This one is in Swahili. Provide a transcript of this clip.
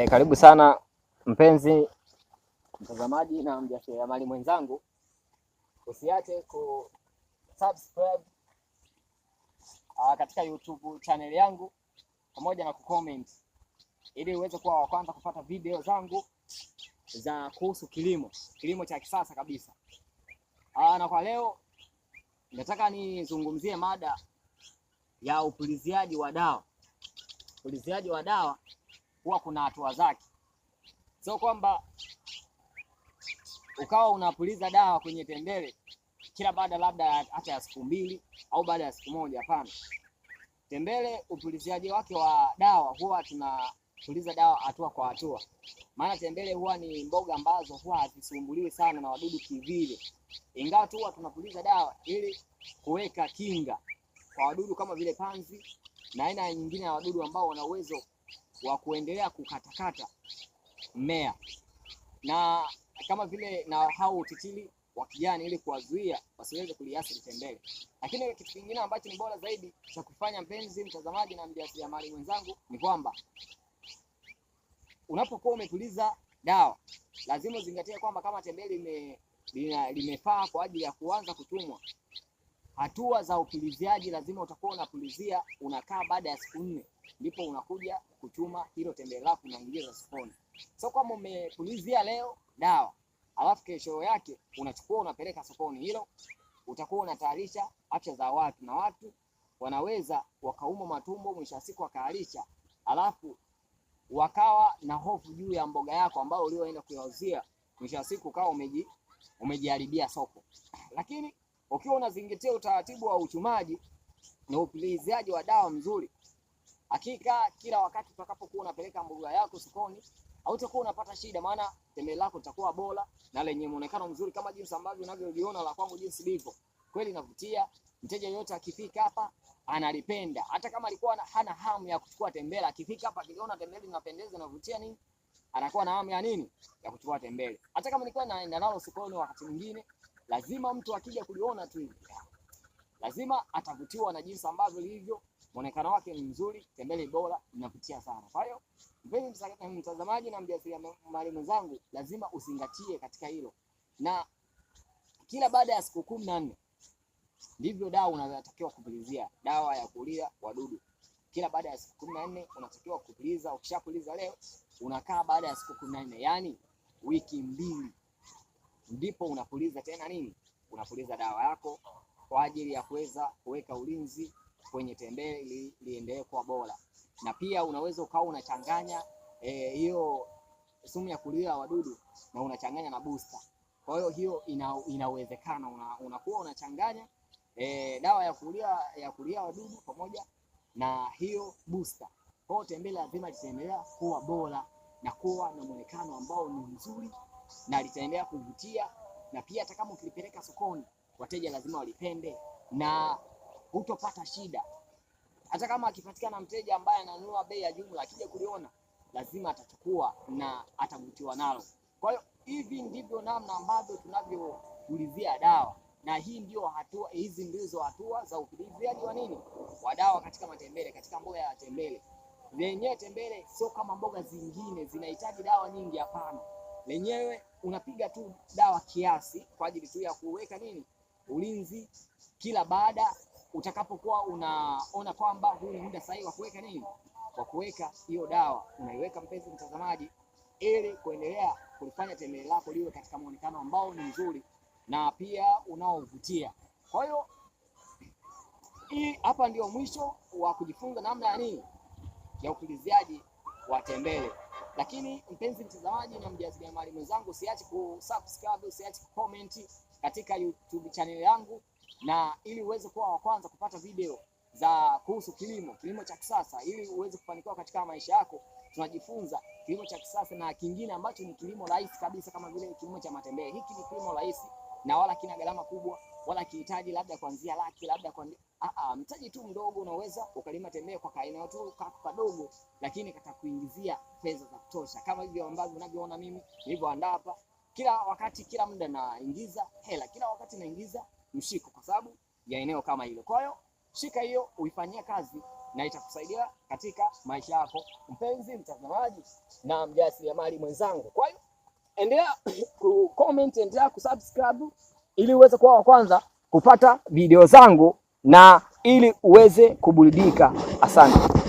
E, karibu sana mpenzi mtazamaji na mjasiriamali mwenzangu, usiache ku subscribe ah, katika YouTube channel yangu pamoja na kucomment ili uweze kuwa wa kwanza kupata video zangu za kuhusu kilimo, kilimo cha kisasa kabisa. Aa, ah, na kwa leo nataka nizungumzie mada ya upuliziaji wa dawa. Upuliziaji wa dawa huwa kuna hatua zake, sio kwamba ukawa unapuliza dawa kwenye tembele kila baada labda hata ya siku mbili au baada ya siku moja. Hapana, tembele upuliziaji wake wa dawa huwa tunapuliza dawa hatua kwa hatua, maana tembele huwa ni mboga ambazo huwa hazisumbuliwi sana na wadudu kivile, ingawa tu huwa tunapuliza dawa ili kuweka kinga kwa wadudu kama vile panzi na aina nyingine ya wadudu ambao wana uwezo wa kuendelea kukatakata mmea na kama vile na hao utitili wa kijani ili kuwazuia wasiweze kuliathiri tembele. Lakini kitu kingine ambacho ni bora zaidi cha kufanya, mpenzi mtazamaji na mjasiriamali mwenzangu, ni kwamba unapokuwa umepuliza dawa lazima uzingatie kwamba kama tembele lime limefaa kwa ajili ya kuanza kutumwa, hatua za upuliziaji lazima utakuwa unapulizia, unakaa baada ya siku nne ndipo unakuja kutuma hilo tembele lako unaongeza sifoni. So kama umepulizia leo dawa, alafu kesho yake unachukua unapeleka sokoni, hilo utakuwa unatayarisha afya za watu, na watu wanaweza wakauma matumbo, mwisho wa siku wakaalisha, alafu wakawa na hofu juu ya mboga yako ambayo ulioenda kuyauzia, mwisho wa siku ukawa umeji umejiharibia soko. Lakini ukiwa unazingatia utaratibu wa uchumaji na upuliziaji wa dawa mzuri Hakika kila wakati utakapokuwa unapeleka mboga yako sokoni, hautakuwa unapata shida, maana tembele lako litakuwa bora na lenye muonekano mzuri kama jinsi ambavyo unavyoliona la kwangu jinsi lilivyo. Kweli inavutia. Mteja yote akifika hapa analipenda, hata kama alikuwa hana hamu ya kuchukua tembele, akifika hapa akiona tembele linapendeza na kuvutia nini, anakuwa na hamu ya nini, ya kuchukua tembele. Hata kama nilikuwa naenda nalo sokoni, wakati mwingine lazima mtu akija kuliona tu lazima atavutiwa na jinsi ambavyo lilivyo Muonekano wake ni mzuri, tembele bora, inavutia sana. Kwa hiyo mpenzi mtazamaji na mjasiriamali mwenzangu, lazima uzingatie katika hilo, na kila baada ya siku kumi na nne ndivyo dawa unatakiwa kupulizia dawa ya kulia wadudu. Kila baada ya siku kumi na nne unatakiwa kupuliza. Ukishapuliza leo, unakaa baada ya siku kumi na nne yaani wiki mbili, ndipo unapuliza tena nini, unapuliza dawa yako kwa ajili ya kuweza kuweka ulinzi kwenye tembele ili liendelee kuwa bora, na pia unaweza ukawa unachanganya eh, hiyo e, sumu ya kulia wadudu na unachanganya na booster. Kwa hiyo hiyo ina, inawezekana unakuwa una unachanganya e, dawa ya kulia ya kulia wadudu pamoja na hiyo booster. Kwa hiyo tembele lazima litaendelea kuwa bora na kuwa na muonekano ambao ni mzuri na litaendelea kuvutia, na pia hata kama ukilipeleka sokoni wateja lazima walipende na hutopata shida. Hata kama akipatikana mteja ambaye ananunua bei ya jumla, akija kuliona lazima atachukua na atavutiwa nalo. Kwa hiyo hivi ndivyo namna ambavyo tunavyopulizia dawa, na hii ndio hatua, hizi ndizo hatua za upuliziaji wa nini wa dawa katika matembele, katika mboga ya tembele. Lenyewe tembele sio kama mboga zingine zinahitaji dawa nyingi, hapana. Lenyewe unapiga tu dawa kiasi kwa ajili tu ya kuweka nini ulinzi kila baada utakapokuwa unaona kwamba huu ni muda sahihi wa kuweka nini, wa kuweka hiyo dawa, unaiweka mpenzi mtazamaji, ili kuendelea kulifanya tembele lako liwe katika muonekano ambao ni mzuri na pia unaovutia. Kwa hiyo hii hapa ndio mwisho wa kujifunza namna ya nini ya ukiliziaji wa tembele. Lakini mpenzi mtazamaji na mjasiriamali mwenzangu, usiache kusubscribe, usiache kucomment katika YouTube channel yangu na ili uweze kuwa wa kwanza kupata video za kuhusu kilimo, kilimo cha kisasa, ili uweze kufanikiwa katika maisha yako, tunajifunza kilimo cha kisasa na kingine ambacho ni kilimo rahisi kabisa, kama vile kilimo cha matembele. Hiki ni kilimo rahisi na wala kina gharama kubwa, wala kihitaji labda kuanzia laki labda kwa a mtaji tu mdogo, unaweza ukalima tembele kwa kaina tu kako kadogo, lakini katakuingizia pesa za kutosha, kama hivyo ambavyo unavyoona mimi nilivyoandaa hapa. Kila wakati kila muda naingiza hela, kila wakati naingiza mshiko, kwa sababu ya eneo kama hilo. Kwa hiyo shika hiyo, uifanyie kazi na itakusaidia katika maisha yako, mpenzi mtazamaji na mjasiriamali mwenzangu. Kwa hiyo endelea ku comment, endelea kusubscribe ili uweze kuwa wa kwanza kupata video zangu na ili uweze kuburudika. Asante.